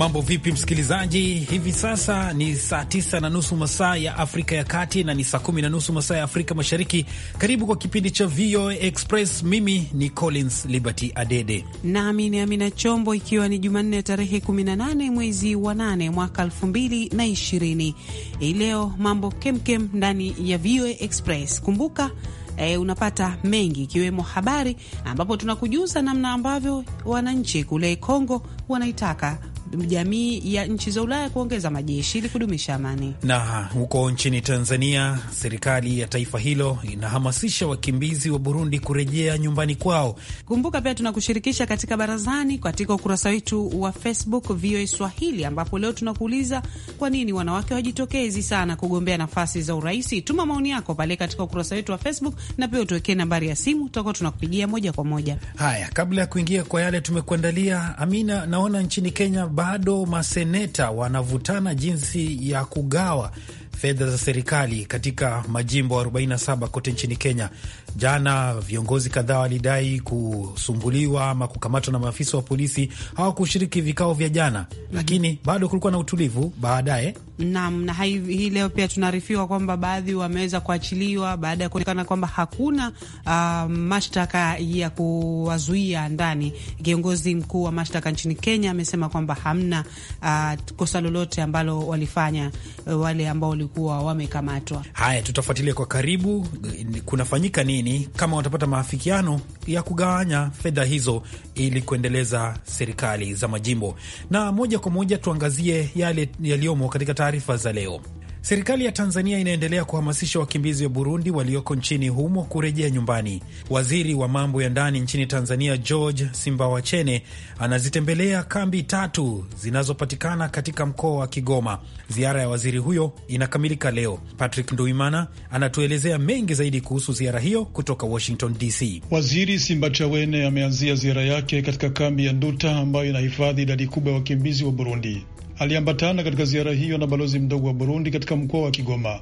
Mambo vipi, msikilizaji? Hivi sasa ni saa tisa na nusu masaa ya Afrika ya Kati na ni saa kumi na nusu masaa ya Afrika Mashariki. Karibu kwa kipindi cha VOA Express. Mimi ni Collins Liberty Adede nami ni Amina Chombo, ikiwa ni Jumanne tarehe 18 mwezi wa 8 mwaka 2020. Hii leo mambo kemkem ndani ya VOA Express. Kumbuka E, unapata mengi ikiwemo habari ambapo tunakujuza namna ambavyo wananchi kule Kongo wanaitaka jamii ya nchi za Ulaya kuongeza majeshi ili kudumisha amani. Na huko nchini Tanzania, serikali ya taifa hilo inahamasisha wakimbizi wa Burundi kurejea nyumbani kwao. Kumbuka pia tunakushirikisha katika barazani katika ukurasa wetu wa Facebook VOA Swahili, ambapo leo tunakuuliza kwa nini wanawake wajitokezi sana kugombea nafasi za uraisi. Tuma maoni yako pale katika ukurasa wetu wa Facebook na pia utuwekee nambari ya simu, tutakuwa tunakupigia moja kwa moja. Haya, kabla ya kuingia kwa yale tumekuandalia, Amina, naona nchini Kenya bado maseneta wanavutana jinsi ya kugawa fedha za serikali katika majimbo 47 kote nchini Kenya. Jana viongozi kadhaa walidai kusumbuliwa ama kukamatwa na maafisa wa polisi, hawakushiriki vikao vya jana, lakini bado kulikuwa na utulivu baadaye. Naam, na hii leo pia tunaarifiwa kwamba baadhi wameweza kuachiliwa baada ya kuonekana kwamba hakuna uh, mashtaka ya kuwazuia ndani. Kiongozi mkuu wa mashtaka nchini Kenya amesema kwamba hamna uh, kosa lolote ambalo walifanya uh, wale ambao walikuwa wamekamatwa. Haya, tutafuatilia kwa karibu kunafanyika nini, kama watapata maafikiano ya kugawanya fedha hizo ili kuendeleza serikali za majimbo. Na moja kwa moja tuangazie yale yaliyomo katika taarifa za leo. Serikali ya Tanzania inaendelea kuhamasisha wakimbizi wa Burundi walioko nchini humo kurejea nyumbani. Waziri wa mambo ya ndani nchini Tanzania George Simbawachene anazitembelea kambi tatu zinazopatikana katika mkoa wa Kigoma. Ziara ya waziri huyo inakamilika leo. Patrick Nduimana anatuelezea mengi zaidi kuhusu ziara hiyo kutoka Washington DC. Waziri Simbachawene ameanzia ziara yake katika kambi ya Nduta ambayo inahifadhi idadi kubwa ya wakimbizi wa Burundi aliambatana katika ziara hiyo na balozi mdogo wa Burundi katika mkoa wa Kigoma.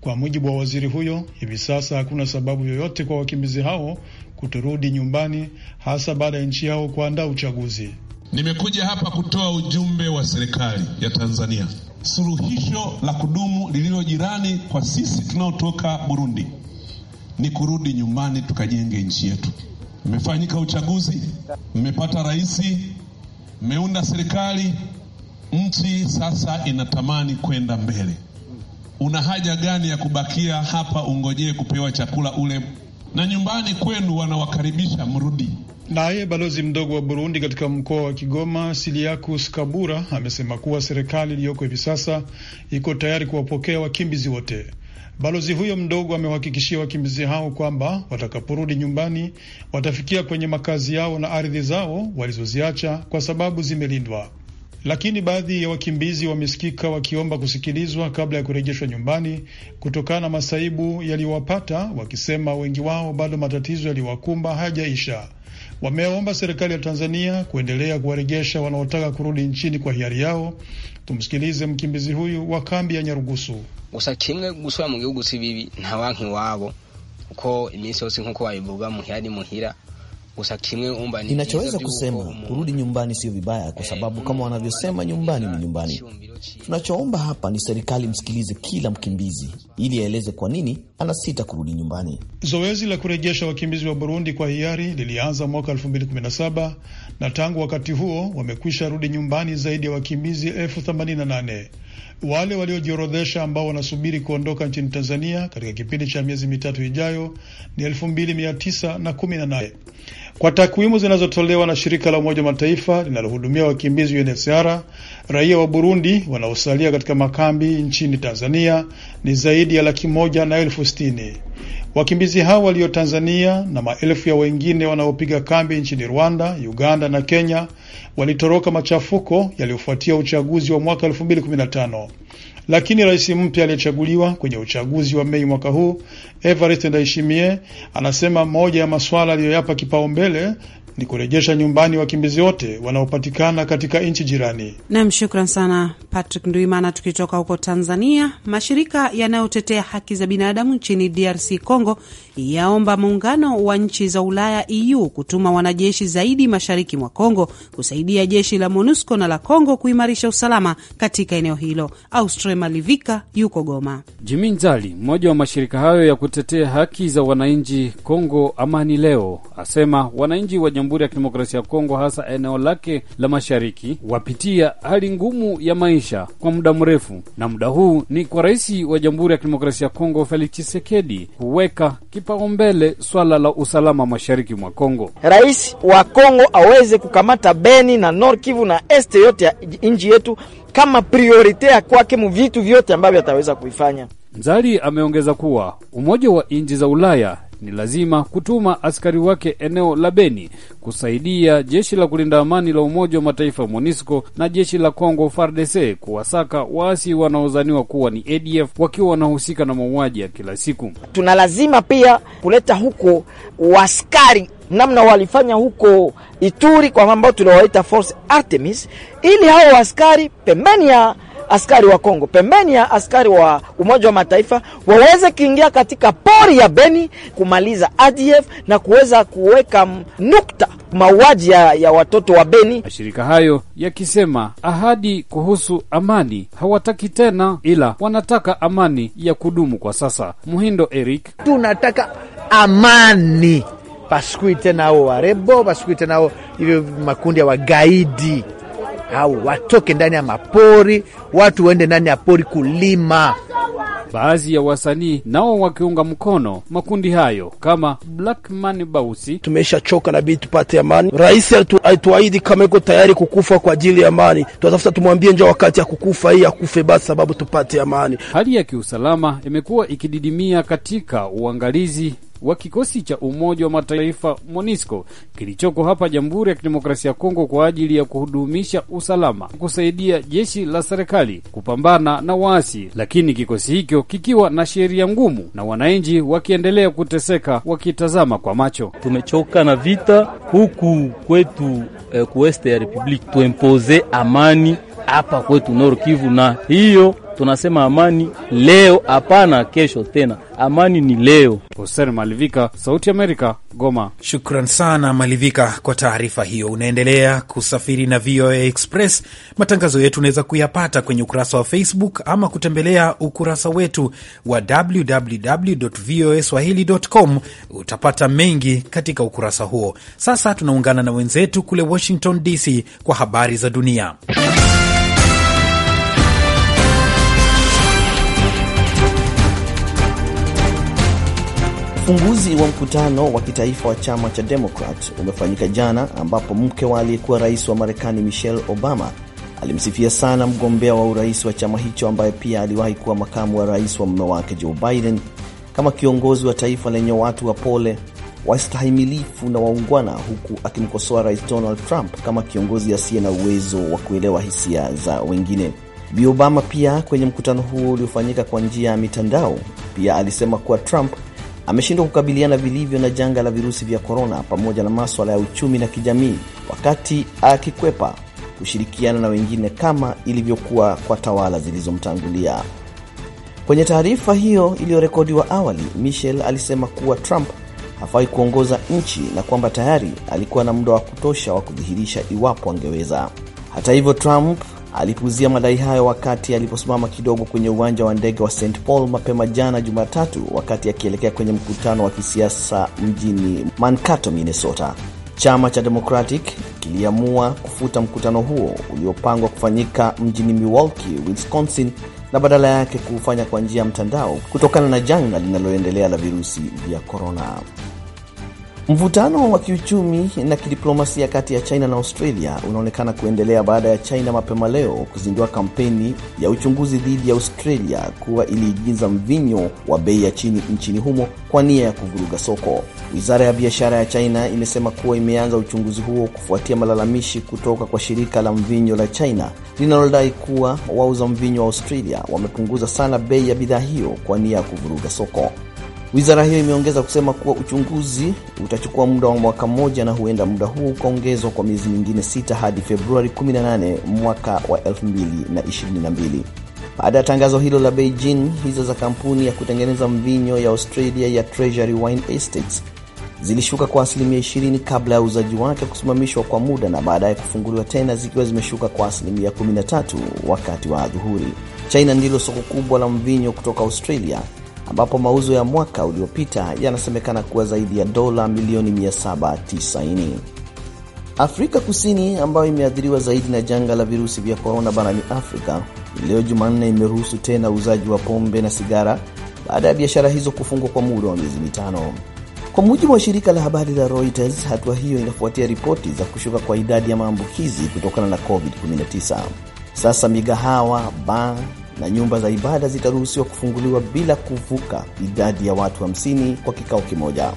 Kwa mujibu wa waziri huyo, hivi sasa hakuna sababu yoyote kwa wakimbizi hao kutorudi nyumbani, hasa baada ya nchi yao kuandaa uchaguzi. Nimekuja hapa kutoa ujumbe wa serikali ya Tanzania, suluhisho la kudumu lililo jirani kwa sisi tunaotoka Burundi ni kurudi nyumbani tukajenge nchi yetu. Mmefanyika uchaguzi, mmepata rais, mmeunda serikali Nchi sasa inatamani kwenda mbele. Una haja gani ya kubakia hapa ungojee kupewa chakula ule? Na nyumbani kwenu wanawakaribisha mrudi. Naye balozi mdogo wa Burundi katika mkoa wa Kigoma, Siliakus Kabura, amesema kuwa serikali iliyoko hivi sasa iko tayari kuwapokea wakimbizi wote. Balozi huyo mdogo amewahakikishia wakimbizi hao kwamba watakaporudi nyumbani watafikia kwenye makazi yao na ardhi zao walizoziacha kwa sababu zimelindwa lakini baadhi ya wakimbizi wamesikika wakiomba kusikilizwa kabla ya kurejeshwa nyumbani kutokana na masaibu yaliyowapata, wakisema wengi wao bado matatizo yaliyowakumba hayajaisha. Wameomba serikali ya Tanzania kuendelea kuwarejesha wanaotaka kurudi nchini kwa hiari yao. Tumsikilize mkimbizi huyu wa kambi ya Nyarugusu. gusa kimwe gusura mu gihugu si bibi nta wanki wabo kuko iminsi yose nkuko wabivuga muhira ni muhira Ninachoweza kusema kurudi nyumbani sio vibaya, kwa eh, sababu mm, kama wanavyosema nyumbani ni nyumbani. Tunachoomba hapa ni serikali msikilize kila mkimbizi ili aeleze kwa nini anasita kurudi nyumbani. Zoezi la kurejesha wakimbizi wa Burundi kwa hiari lilianza mwaka 2017 na tangu wakati huo wamekwisha rudi nyumbani zaidi ya wakimbizi elfu themanini na nane. Wale waliojiorodhesha ambao wanasubiri kuondoka nchini Tanzania katika kipindi cha miezi mitatu ijayo ni elfu mbili mia tisa na kumi na nane kwa takwimu zinazotolewa na shirika la Umoja Mataifa linalohudumia wakimbizi UNHCR. Raia wa Burundi wanaosalia katika makambi nchini Tanzania ni zaidi ya laki moja na elfu sitini. Wakimbizi hao walio Tanzania na maelfu ya wengine wanaopiga kambi nchini Rwanda, Uganda na Kenya walitoroka machafuko yaliyofuatia uchaguzi wa mwaka 2015. Lakini rais mpya aliyechaguliwa kwenye uchaguzi wa Mei mwaka huu, Evariste Ndayishimiye, anasema moja ya masuala aliyoyapa kipaumbele ni kurejesha nyumbani wakimbizi wote wanaopatikana katika nchi jirani. Nam, shukran sana Patrick Nduimana. Tukitoka huko Tanzania, mashirika yanayotetea haki za binadamu nchini DRC Congo yaomba muungano wa nchi za Ulaya EU kutuma wanajeshi zaidi mashariki mwa Congo kusaidia jeshi la MONUSCO na la Congo kuimarisha usalama katika eneo hilo. Austre Malivika yuko Goma. Jimi Nzali, mmoja wa mashirika hayo ya kutetea haki za wananchi Congo, Amani Leo asema wananchi wa Jamhuri ya Kidemokrasia ya Kongo, hasa eneo lake la mashariki, wapitia hali ngumu ya maisha kwa muda mrefu, na muda huu ni kwa rais wa Jamhuri ya Kidemokrasia ya Kongo Felix Tshisekedi kuweka kipaumbele swala la usalama mashariki mwa Kongo. Rais wa Kongo aweze kukamata Beni na North Kivu na este yote ya nchi yetu kama priorite ya kwake mu vitu vyote ambavyo ataweza kuifanya. Mzali ameongeza kuwa Umoja wa Nchi za Ulaya ni lazima kutuma askari wake eneo la Beni kusaidia jeshi la kulinda amani la Umoja wa Mataifa MONUSCO na jeshi la Congo FARDC kuwasaka waasi wanaozaniwa kuwa ni ADF wakiwa wanahusika na mauaji ya kila siku. Tuna lazima pia kuleta huko waskari namna walifanya huko Ituri kwa ambao tuliwaita Force Artemis, ili hao waskari pembeni ya askari wa Kongo, pembeni ya askari wa Umoja wa Mataifa, waweze kuingia katika pori ya Beni kumaliza ADF na kuweza kuweka nukta mauaji ya, ya watoto wa Beni. Mashirika hayo yakisema ahadi kuhusu amani hawataki tena, ila wanataka amani ya kudumu kwa sasa. Muhindo Eric, tunataka amani, paskui tena ao warebo, paskui tena ao hivyo makundi ya wagaidi au watoke ndani ya mapori, watu waende ndani ya pori kulima. Baadhi ya wasanii nao wakiunga mkono makundi hayo kama Man Bausi. Tumeshachoka na bii tupate amani. Rais alituahidi kama iko tayari kukufa kwa ajili ya amani, tunatafuta tumwambie njo wakati ya kukufa hii akufe basi, sababu tupate amani. Hali ya kiusalama imekuwa ikididimia katika uangalizi wa kikosi cha Umoja wa Mataifa MONUSCO kilichoko hapa Jamhuri ya Kidemokrasia ya Kongo kwa ajili ya kuhudumisha usalama, kusaidia jeshi la serikali kupambana na waasi, lakini kikosi hicho kikiwa na sheria ngumu na wananchi wakiendelea kuteseka wakitazama kwa macho. Tumechoka na vita huku kwetu eh, kuweste ya republiki tuempoze amani hapa kwetu Nord Kivu na hiyo tunasema amani leo, hapana kesho tena. Amani ni leo. Hosen Malivika, Sauti Amerika, Goma. Shukran sana Malivika kwa taarifa hiyo. Unaendelea kusafiri na VOA Express. Matangazo yetu unaweza kuyapata kwenye ukurasa wa Facebook ama kutembelea ukurasa wetu wa www voa swahili.com. Utapata mengi katika ukurasa huo. Sasa tunaungana na wenzetu kule Washington DC kwa habari za dunia. Ufunguzi wa mkutano wa kitaifa wa chama cha Demokrat umefanyika jana, ambapo mke wa aliyekuwa rais wa Marekani Michelle Obama alimsifia sana mgombea wa urais wa chama hicho ambaye pia aliwahi kuwa makamu wa rais wa mume wake Joe Biden kama kiongozi wa taifa lenye watu wa pole wastahimilifu na waungwana, huku akimkosoa rais Donald Trump kama kiongozi asiye na uwezo wa kuelewa hisia za wengine. Bi Obama pia kwenye mkutano huo uliofanyika kwa njia ya mitandao, pia alisema kuwa Trump ameshindwa kukabiliana vilivyo na janga la virusi vya korona pamoja na maswala ya uchumi na kijamii, wakati akikwepa kushirikiana na wengine kama ilivyokuwa kwa tawala zilizomtangulia. Kwenye taarifa hiyo iliyorekodiwa awali, Michel alisema kuwa Trump hafai kuongoza nchi na kwamba tayari alikuwa na muda wa kutosha wa kudhihirisha iwapo angeweza. Hata hivyo, Trump alipuzia madai hayo wakati aliposimama kidogo kwenye uwanja wa ndege wa St Paul mapema jana Jumatatu, wakati akielekea kwenye mkutano wa kisiasa mjini Mankato, Minnesota. Chama cha Democratic kiliamua kufuta mkutano huo uliopangwa kufanyika mjini Milwaukee, Wisconsin, na badala yake kuufanya kwa njia ya mtandao kutokana na janga linaloendelea la virusi vya korona. Mvutano wa kiuchumi na kidiplomasia kati ya China na Australia unaonekana kuendelea baada ya China mapema leo kuzindua kampeni ya uchunguzi dhidi ya Australia kuwa iliigiza mvinyo wa bei ya chini nchini humo kwa nia ya kuvuruga soko. Wizara ya biashara ya China imesema kuwa imeanza uchunguzi huo kufuatia malalamishi kutoka kwa shirika la mvinyo la China linalodai kuwa wauza mvinyo wa Australia wamepunguza sana bei ya bidhaa hiyo kwa nia ya kuvuruga soko. Wizara hiyo imeongeza kusema kuwa uchunguzi utachukua muda wa mwaka mmoja na huenda muda huu ukaongezwa kwa miezi mingine sita hadi Februari 18 mwaka wa 2022. Baada ya tangazo hilo la Beijing, hizo za kampuni ya kutengeneza mvinyo ya Australia ya Treasury Wine Estates zilishuka kwa asilimia 20 kabla ya uuzaji wake kusimamishwa kwa muda na baadaye kufunguliwa tena zikiwa zimeshuka kwa asilimia 13 wakati wa adhuhuri. China ndilo soko kubwa la mvinyo kutoka Australia ambapo mauzo ya mwaka uliopita yanasemekana kuwa zaidi ya dola milioni 790. Afrika Kusini ambayo imeathiriwa zaidi na janga la virusi vya korona barani Afrika, leo Jumanne imeruhusu tena uuzaji wa pombe na sigara baada ya biashara hizo kufungwa kwa muda wa miezi mitano. Kwa mujibu wa shirika la habari la Reuters, hatua hiyo inafuatia ripoti za kushuka kwa idadi ya maambukizi kutokana na COVID-19. Sasa migahawa, baa na nyumba za ibada zitaruhusiwa kufunguliwa bila kuvuka idadi ya watu 50 wa kwa kikao kimoja.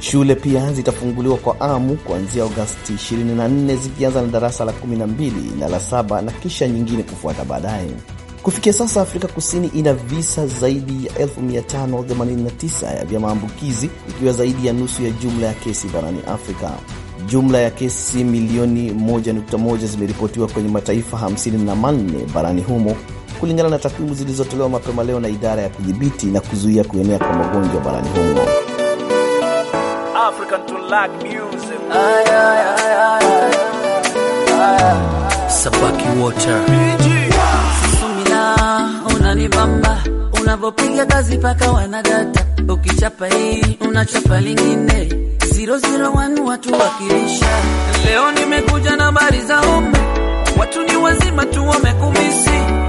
Shule pia zitafunguliwa kwa amu kuanzia Agosti 24 zikianza na darasa la 12 na la saba na kisha nyingine kufuata baadaye. Kufikia sasa Afrika Kusini ina visa zaidi ya 1589 ya vya maambukizi ikiwa zaidi ya nusu ya jumla ya kesi barani Afrika. Jumla ya kesi milioni 1.1 zimeripotiwa kwenye mataifa 54 barani humo kulingana na takwimu zilizotolewa mapema leo na idara ya kudhibiti na kuzuia kuenea kwa magonjwa barani humo. Sabaki Water Susumila, unanibamba unavyopiga kazi paka wanadata, ukichapa hii unachapa lingine 001 watu wakilisha. Leo nimekuja na habari za umma, watu ni wazima tu wamekumisi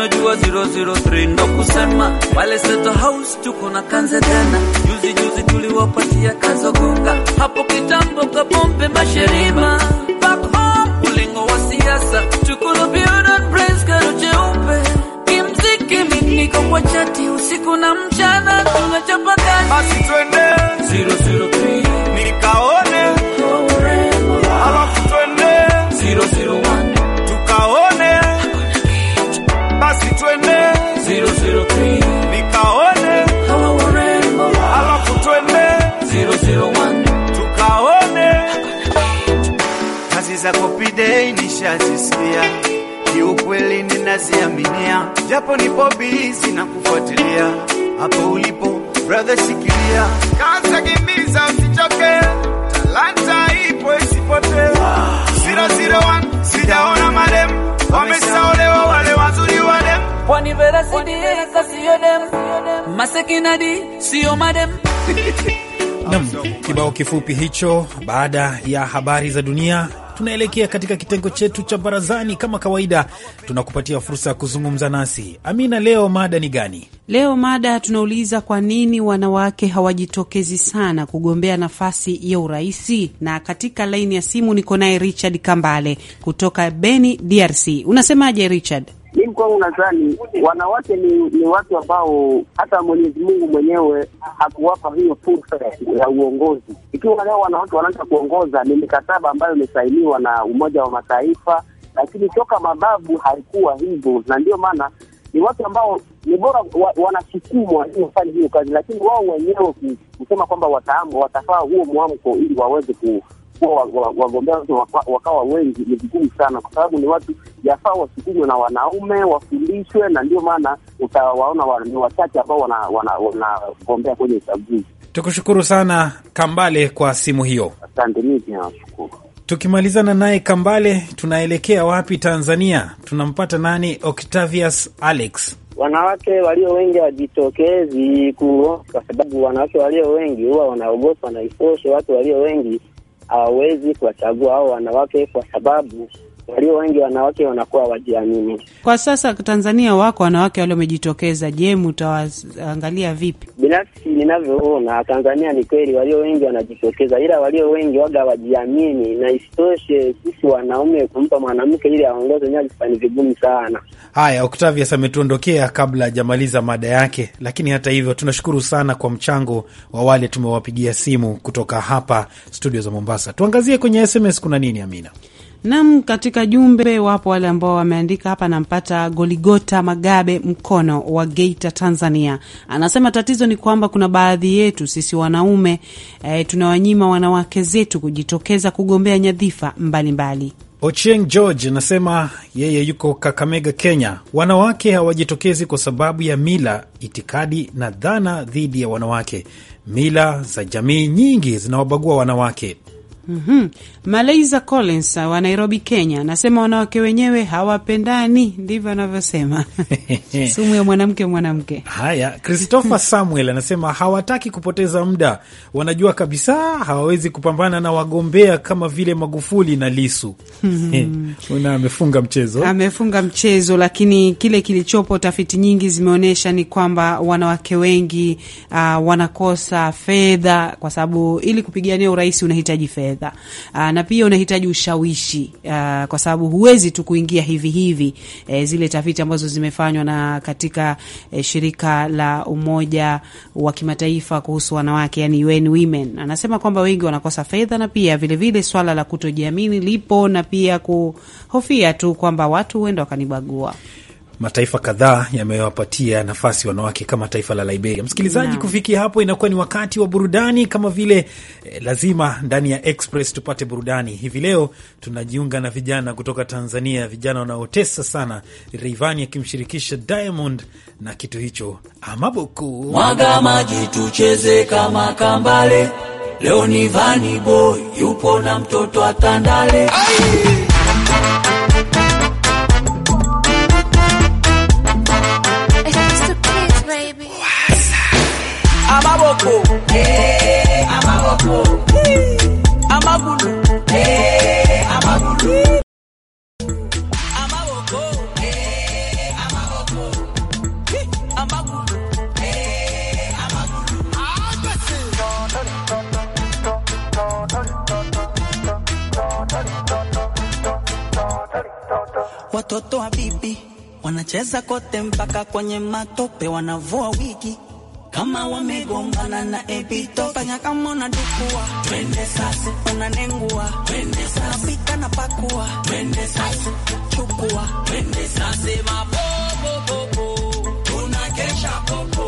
unajua 003 ndo kusema wale Seto House tuko na kanze tena. Juzi juzi tuliwapatia kazogonga hapo kitambo kapombe masherima back home ulingo wa siasa tukulubiona prince karo cheupe kimziki mimi kwa chati usiku na mchana tunachapa kazi basi twende 003 nishazisikia, kiukweli ninaziaminia, japo nipo bizi na kufuatilia. Hapo ulipo brother, shikilia kaza, kimbiza, usichoke, talanta ipo isipote. Zero zero one, sijaona madem wamesaolewa wale wazuri wale, kwani vera sidieka siyo dem, masekinadi siyo madem Nam, kibao kifupi hicho baada ya habari za dunia tunaelekea katika kitengo chetu cha barazani. Kama kawaida, tunakupatia fursa ya kuzungumza nasi. Amina, leo mada ni gani? Leo mada tunauliza, kwa nini wanawake hawajitokezi sana kugombea nafasi ya uraisi? Na katika laini ya simu niko naye Richard Kambale kutoka Beni, DRC. Unasemaje Richard? Mimi kwangu nadhani wanawake ni, ni watu ambao hata Mwenyezi Mungu mwenyewe hakuwapa hiyo fursa ya uongozi. Ikiwa leo wanawake wanaanza kuongoza, ni mikataba ambayo imesainiwa na Umoja wa Mataifa, lakini toka mababu haikuwa hivyo, na ndio maana ni watu ambao ni bora wa, wanasukumwa ili wafanye hiyo kazi, lakini wao wenyewe kusema kwamba wataamka watafaa huo mwamko ili waweze ku kuwa wagombea wote wakawa wengi ni vigumu sana, kwa sababu ni watu yafaa wasukumwe na wanaume wafundishwe, na ndio maana utawaona ni wachache ambao wanagombea kwenye uchaguzi. Tukushukuru sana Kambale kwa simu hiyo, asante. Mii pia nashukuru. Tukimalizana naye Kambale, tunaelekea wapi Tanzania? Tunampata nani? Octavius Alex. Wanawake walio wengi hawajitokezi kuo, kwa sababu wanawake walio wengi huwa wanaogopa na isoshe, watu walio wengi hawawezi kuwachagua hao wanawake kwa sababu walio wengi wanawake wanakuwa wajiamini. Kwa sasa Tanzania wako wanawake wale wamejitokeza, je, mtawaangalia vipi? Binafsi ninavyoona Tanzania ni kweli walio wengi wanajitokeza, ila walio wengi waga wajiamini, na isitoshe sisi wanaume kumpa mwanamke ili aongoze nyadhifa ni vigumu sana. Haya, Octavius ametuondokea kabla hajamaliza mada yake, lakini hata hivyo tunashukuru sana kwa mchango wa wale tumewapigia simu kutoka hapa studio za Mombasa. Tuangazie kwenye SMS kuna nini, Amina? Nam, katika jumbe wapo wale ambao wameandika hapa. Nampata Goligota Magabe Mkono wa Geita, Tanzania, anasema tatizo ni kwamba kuna baadhi yetu sisi wanaume eh, tunawanyima wanawake zetu kujitokeza kugombea nyadhifa mbalimbali. Ochieng George anasema yeye yuko Kakamega, Kenya. Wanawake hawajitokezi kwa sababu ya mila, itikadi na dhana dhidi ya wanawake. Mila za jamii nyingi zinawabagua wanawake Mm -hmm. Malaiza Collins wa Nairobi, Kenya anasema wanawake wenyewe hawapendani, ndivyo anavyosema. Sumu ya mwanamke mwanamke. Haya, Christopher Samuel anasema hawataki kupoteza muda, wanajua kabisa hawawezi kupambana na wagombea kama vile Magufuli na Lisu. Mhm. Una amefunga mchezo, amefunga mchezo, lakini kile kilichopo, tafiti nyingi zimeonyesha ni kwamba wanawake wengi uh, wanakosa fedha, kwa sababu ili kupigania urais unahitaji fedha fedha ah, na pia unahitaji ushawishi uh, kwa sababu huwezi tu kuingia hivi hivi. E, zile tafiti ambazo zimefanywa na katika e, shirika la Umoja wa Kimataifa kuhusu wanawake, yani UN Women, anasema kwamba wengi wanakosa fedha na pia vile vile swala la kutojiamini lipo na pia kuhofia tu kwamba watu huenda wakanibagua mataifa kadhaa yamewapatia nafasi wanawake kama taifa la Liberia. Msikilizaji, kufikia hapo inakuwa ni wakati wa burudani kama vile eh, lazima ndani ya Express tupate burudani. Hivi leo tunajiunga na vijana kutoka Tanzania, vijana wanaotesa sana, Rayvanny akimshirikisha Diamond na kitu hicho Amabuku. Mwaga maji tucheze kama kambale, leo ni Vani Boy yupo na mtoto atandale Ay! amaboko eh, amaboko amagulu eh, amagulu amaboko eh, amaboko amagulu Watoto habibi wanacheza kote mpaka kwenye matope, wanavua wiki kama wamegongana na epito, fanya kama unadukua, twende sasa, unanengua, twende sasa, unapika na pakua, twende sasa, chukua, twende sasa, mapopopo kesha popo,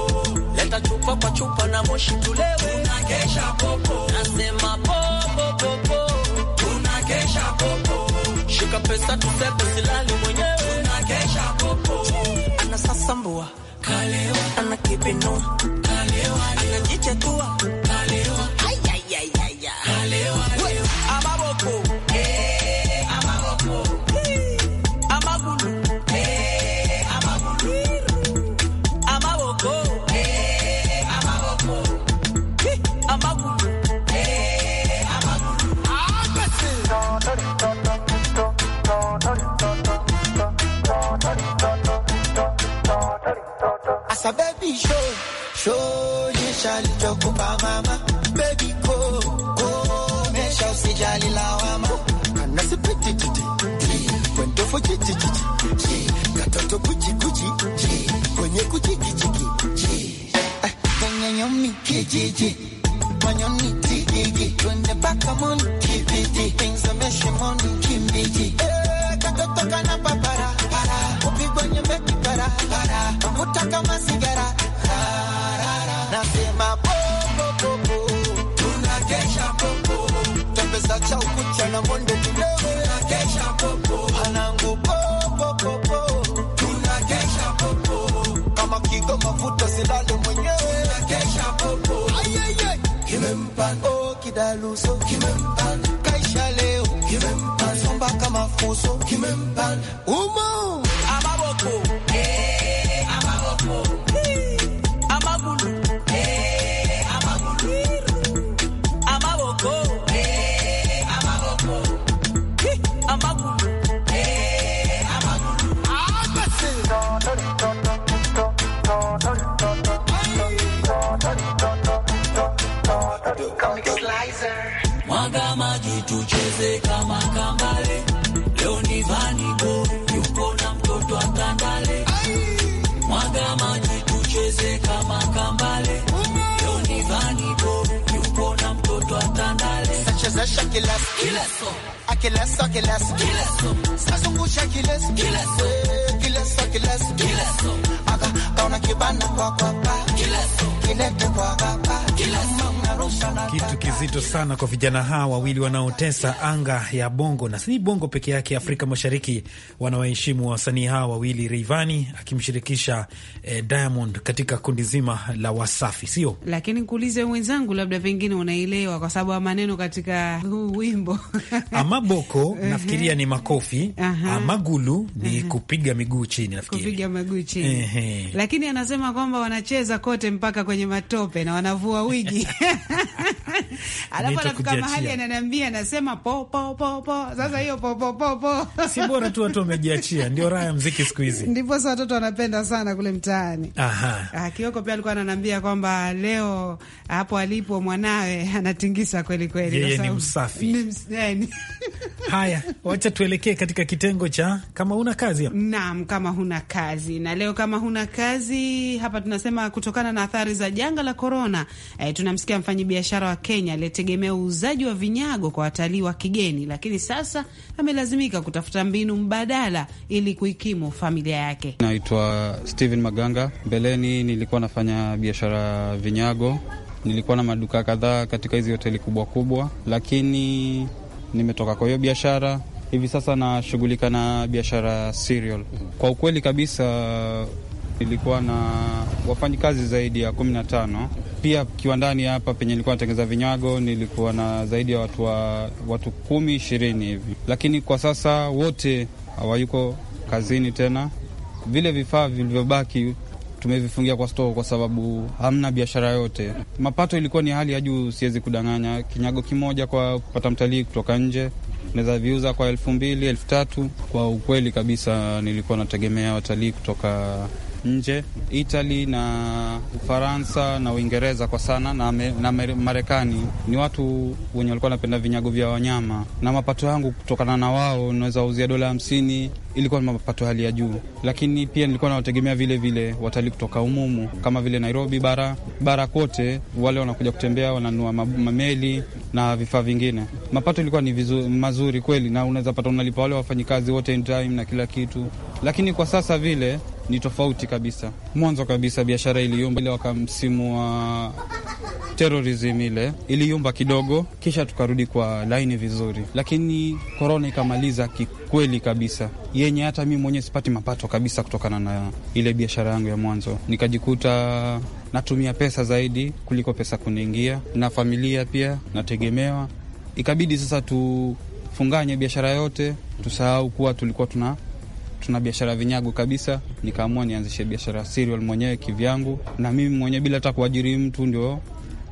leta chupa kwa chupa na moshi tulewe, kesha popo, nasema popo popo popopopo kesha popo, shika pesa tusepe, silali mwenyewe, kesha popo, anasasambua kalewa, anakipinua anajichatua ana ngondo anangu popo popo tunakesha popo, kama kigo mafuta silale mwenyewe tunakesha popo, ayeye kimempa oh kidaluso kimempa kaisha leo kimempa somba kama fuso kimempa umo basi tucheze kama kambale, leo ni vanigo yuko na mtoto atandale, mwaga maji tucheze kama kambale, leo ni vanigo yuko na mtoto atandale, sachezesha kilas kilaso akilaso kilaso kilaso sazungusha kilaso kilaso kilaso kilaso kilaso aka kaona kibanda kwa kwa kilaso kilete kwa kwa kitu kizito sana kwa vijana hawa wawili wanaotesa anga ya bongo na si bongo peke yake, Afrika Mashariki. Wanawaheshimu wasanii hawa wawili, Reivani akimshirikisha eh, Diamond katika kundi zima la Wasafi, sio lakini kuulize wenzangu, labda pengine unaelewa kwa sababu maneno katika huu wimbo amaboko nafikiria ni makofi, amagulu ni kupiga miguu chini, nafikiri kupiga miguu chini, lakini anasema kwamba wanacheza kote mpaka kwenye matope na wanavua wigi alafu anafika mahali ananiambia, anasema po po po po. Sasa hiyo po po po po si bora tu watu wamejiachia, ndio raha ya mziki siku hizi, ndipo sasa watoto wanapenda sana kule mtaani. Aha, ah, Kioko pia alikuwa ananiambia kwamba leo hapo alipo mwanawe anatingisa kweli kweli, yeye ni msafi ni eh, haya, wacha tuelekee katika kitengo cha kama una kazi. Naam, kama huna kazi, na leo kama huna kazi hapa tunasema kutokana na athari za janga la korona E, tunamsikia mfanyabiashara wa Kenya aliyetegemea uuzaji wa vinyago kwa watalii wa kigeni, lakini sasa amelazimika kutafuta mbinu mbadala ili kuikimu familia yake. Naitwa Steven Maganga. Mbeleni nilikuwa nafanya biashara vinyago, nilikuwa na maduka kadhaa katika hizi hoteli kubwa kubwa, lakini nimetoka kwa hiyo biashara hivi sasa nashughulika na biashara ya cereal. Kwa ukweli kabisa Nilikuwa na wafanyikazi zaidi ya kumi na tano. Pia kiwandani hapa penye nilikuwa natengeneza vinyago nilikuwa na zaidi ya watu, wa, watu kumi ishirini hivi, lakini kwa sasa wote hawayuko kazini tena. Vile vifaa vilivyobaki tumevifungia kwa stoo kwa sababu hamna biashara yote. Mapato ilikuwa ni hali ya juu, siwezi kudanganya. Kinyago kimoja kwa kupata mtalii kutoka nje naweza viuza kwa elfu mbili elfu tatu Kwa ukweli kabisa, nilikuwa nategemea watalii kutoka nje, Itali na Ufaransa na Uingereza kwa sana na, me, na Marekani. Ni watu wenye walikuwa wanapenda vinyago vya wanyama, na mapato yangu kutokana na wao unaweza uzia dola hamsini ilikuwa ni mapato hali ya juu, lakini pia nilikuwa nawategemea vile vile watalii kutoka umumu kama vile Nairobi bara bara kote, wale wanakuja kutembea wananua mameli na vifaa vingine. Mapato ilikuwa ni vizu, mazuri kweli, na unaweza pata unalipa wale wafanyikazi wote in time na kila kitu, lakini kwa sasa vile ni tofauti kabisa. Mwanzo kabisa biashara iliyumba ile waka msimu wa terrorism ile iliyumba kidogo, kisha tukarudi kwa laini vizuri, lakini korona ikamaliza kikweli kabisa yenye hata mi mwenyewe sipati mapato kabisa kutokana na ile biashara yangu ya mwanzo, nikajikuta natumia pesa zaidi kuliko pesa kuniingia, na familia pia nategemewa. Ikabidi sasa tufunganye biashara yote, tusahau kuwa tulikuwa tuna tuna biashara vinyago kabisa. Nikaamua nianzishe biashara ya mwenyewe kivyangu, na mimi mwenyewe bila hata kuajiri mtu, ndio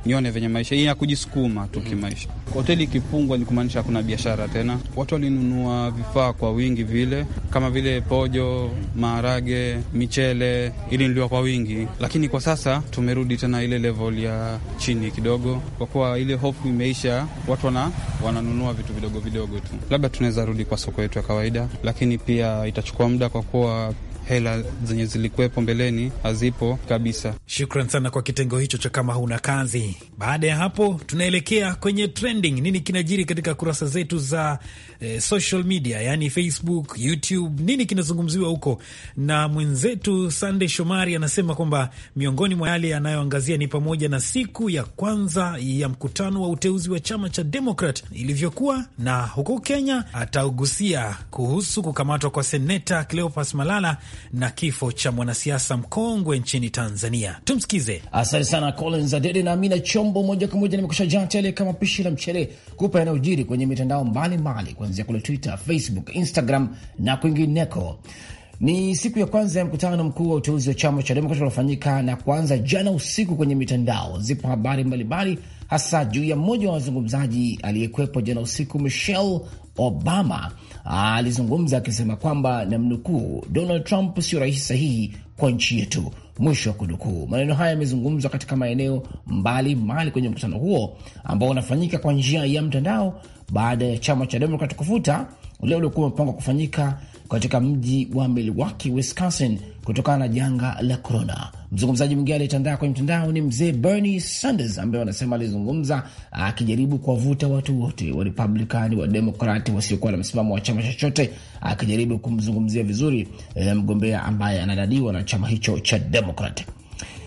nione venye maisha hii ya kujisukuma tu kimaisha. Hoteli ikifungwa ni kumaanisha hakuna biashara tena. Watu walinunua vifaa kwa wingi vile kama vile pojo, maharage, michele ili niliwa kwa wingi, lakini kwa sasa tumerudi tena ile level ya chini kidogo, kwa kuwa ile hofu imeisha. Watu wana, wananunua vitu vidogo vidogo tu, labda tunaweza rudi kwa soko yetu ya kawaida, lakini pia itachukua muda kwa kuwa hela zenye zilikuwepo mbeleni hazipo kabisa. Shukran sana kwa kitengo hicho cha kama huna kazi. Baada ya hapo, tunaelekea kwenye trending. Nini kinajiri katika kurasa zetu za eh, social media, yani Facebook, YouTube? Nini kinazungumziwa huko? Na mwenzetu Sande Shomari anasema kwamba miongoni mwa yale yanayoangazia ni pamoja na siku ya kwanza ya mkutano wa uteuzi wa chama cha Demokrat ilivyokuwa, na huko Kenya ataugusia kuhusu kukamatwa kwa seneta Cleopas Malala na kifo cha mwanasiasa mkongwe nchini Tanzania. Tumsikize. Asante sana Collins Adede na Amina Chombo. Moja kwa moja nimekusha jaa tele kama pishi la mchele kupa yanayojiri kwenye mitandao mbalimbali, kuanzia kule Twitter, Facebook, Instagram na kwingineko. Ni siku ya kwanza ya mkutano mkuu wa uteuzi wa chama cha Demokrat uliofanyika na kuanza jana usiku. Kwenye mitandao zipo habari mbalimbali, hasa juu ya mmoja wa wazungumzaji aliyekwepo jana usiku, Michelle Obama Ah, alizungumza akisema kwamba namnukuu, Donald Trump sio rais sahihi kwa nchi yetu, mwisho wa kunukuu. Maneno haya yamezungumzwa katika maeneo mbalimbali kwenye mkutano huo ambao unafanyika kwa njia ya mtandao baada ya chama cha Demokrat kufuta ule uliokuwa umepangwa kufanyika katika mji wa Milwaukee, Wisconsin, kutokana na janga la korona. Mzungumzaji mwingine aliyetandaa kwenye mtandao ni mzee Bernie Sanders ambaye wanasema alizungumza akijaribu kuwavuta watu wote wa Republican, wa wasiokuwa na msimamo wa chama chochote, akijaribu kumzungumzia vizuri e, mgombea ambaye anadadiwa na chama hicho cha Demokrat.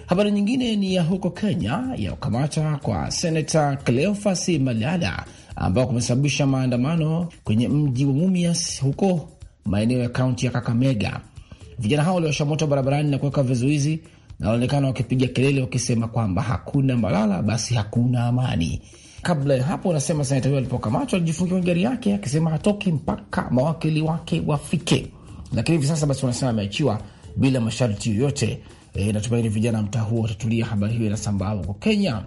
Habari nyingine ni ya huko Kenya ya kukamata kwa senata Cleofas Malala ambao kumesababisha maandamano kwenye mji wa Mumias huko maeneo ya kaunti ya Kakamega. Vijana hao waliwasha moto barabarani na kuweka vizuizi na wanaonekana wakipiga kelele wakisema kwamba hakuna Malala, basi hakuna amani. Kabla ya hapo, anasema senata huyo alipokamatwa alijifungia kwenye gari yake akisema hatoki mpaka mawakili wake wafike, lakini hivi sasa basi wanasema ameachiwa bila masharti yoyote. E, natumaini vijana mtaa huo watatulia. Habari hiyo inasambaa huko Kenya.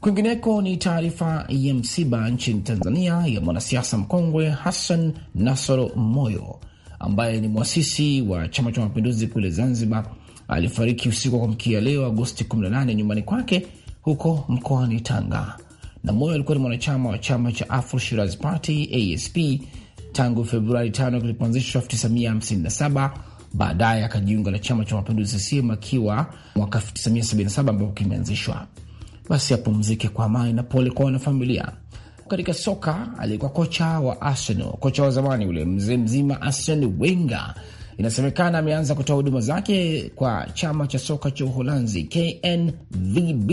Kwingineko ni taarifa ya msiba nchini Tanzania ya mwanasiasa mkongwe Hassan Nasoro Moyo ambaye ni mwasisi wa Chama cha Mapinduzi kule Zanzibar alifariki usiku wa kuamkia leo Agosti 18 nyumbani kwake huko mkoani Tanga. Na moyo alikuwa ni mwanachama wa chama cha Afro Shiraz Party ASP tangu Februari 5 kilipoanzishwa 1957. Baadaye akajiunga na chama cha mapinduzi CCM akiwa mwaka 1977 ambapo kimeanzishwa. Basi apumzike kwa amani na pole kwa wanafamilia. Katika soka alikuwa kocha wa Arsenal, kocha wa zamani ule mzee mzima Arsene Wenger inasemekana ameanza kutoa huduma zake kwa chama cha soka cha Uholanzi KNVB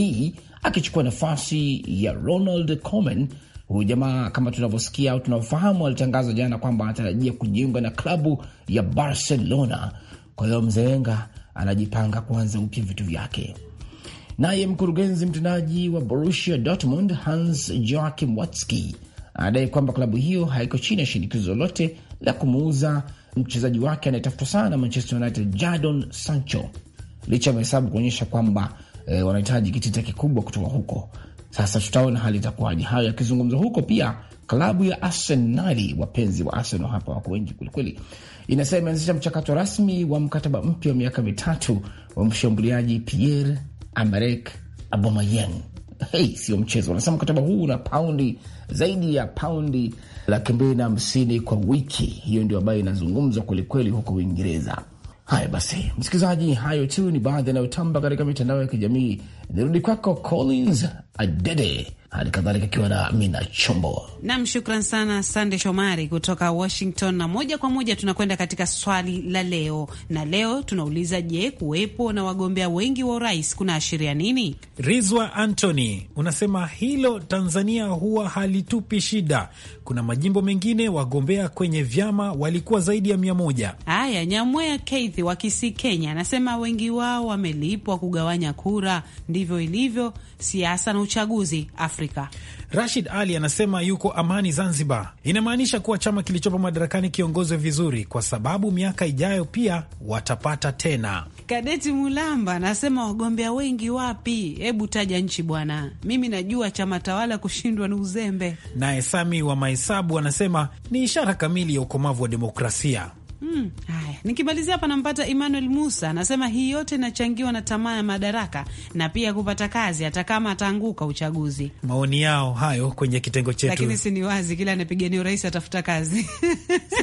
akichukua nafasi ya Ronald Koeman. Huyu jamaa kama tunavyosikia au tunavyofahamu, alitangazwa jana kwamba anatarajia kujiunga na klabu ya Barcelona. Kwa hiyo mzee Wenga anajipanga kuanza upya vitu vyake. Naye mkurugenzi mtendaji wa Borussia Dortmund Hans Joachim watski anadai kwamba klabu hiyo haiko chini ya shinikizo lolote la kumuuza mchezaji wake anayetafutwa sana Manchester United, Jadon Sancho, licha ya mahesabu kuonyesha kwamba e, wanahitaji kitita kikubwa kutoka huko. Sasa tutaona hali itakuwaje. Hayo yakizungumzwa huko, pia klabu ya Arsenali, wapenzi wa Arsenal hapa wako wengi kwelikweli, inasema imeanzisha mchakato rasmi wa mkataba mpya wa miaka mitatu wa mshambuliaji Pierre Emerick Aubameyang. Hey, sio mchezo. Anasema mkataba huu una paundi zaidi ya paundi laki mbili na hamsini kwa wiki. Hiyo ndio ambayo inazungumzwa kwelikweli huko Uingereza. Haya basi, msikilizaji, hayo tu ni baadhi yanayotamba katika mitandao ya kijamii. Nirudi kwako Collins Adede hali kadhalika ikiwa na Amina Chombo. Nam, shukran sana Sande Shomari kutoka Washington, na moja kwa moja tunakwenda katika swali la leo, na leo tunauliza je, kuwepo na wagombea wengi wa urais kuna ashiria nini? Rizwa antony unasema hilo Tanzania huwa halitupi shida. Kuna majimbo mengine wagombea kwenye vyama walikuwa zaidi ya mia moja. Haya, Nyamwea Keith wa Kisii, Kenya anasema wengi wao wamelipwa kugawanya kura, ndivyo ilivyo siasa na uchaguzi Afrika. Rashid Ali anasema yuko Amani Zanzibar. Inamaanisha kuwa chama kilichopo madarakani kiongozwe vizuri, kwa sababu miaka ijayo pia watapata tena. Kadeti Mulamba anasema wagombea wengi wapi? Hebu taja nchi bwana. Mimi najua chama tawala kushindwa ni uzembe. Naye Sami wa mahesabu anasema ni ishara kamili ya ukomavu wa demokrasia. Mm, nikimalizia hapa nampata Emmanuel Musa anasema hii yote inachangiwa na tamaa ya madaraka na pia kupata kazi, hata kama ataanguka uchaguzi. Maoni yao hayo kwenye kitengo chetu, lakini si ni wazi kila anapigania urais atafuta kazi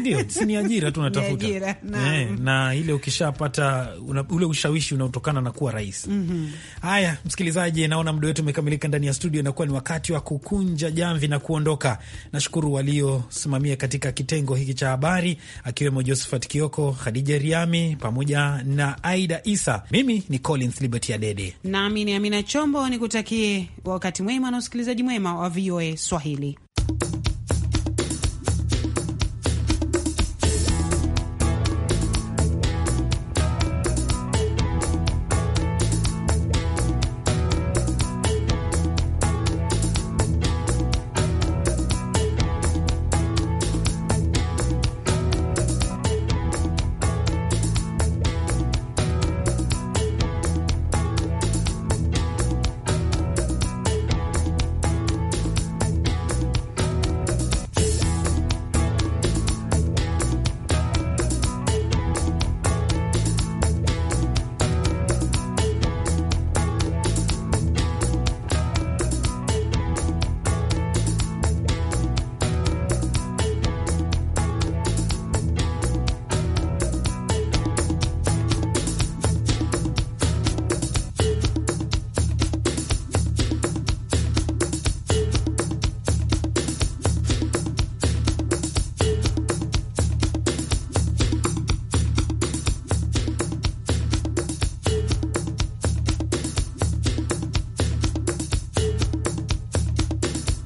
ndio, si ni ajira tu unatafuta ajira, na, e, eh, na ile ukishapata ule ushawishi unaotokana na kuwa rais. mm haya -hmm. Msikilizaji, naona muda wetu umekamilika ndani ya studio, inakuwa ni wakati wa kukunja jamvi na kuondoka. Nashukuru waliosimamia katika kitengo hiki cha habari akiwemo Joseph Josephat Kioko, Khadija Riami pamoja na Aida Isa. Mimi ni Collins Liberty Adede nami ni Amina Chombo, nikutakie wakati mwema na usikilizaji mwema wa VOA Swahili.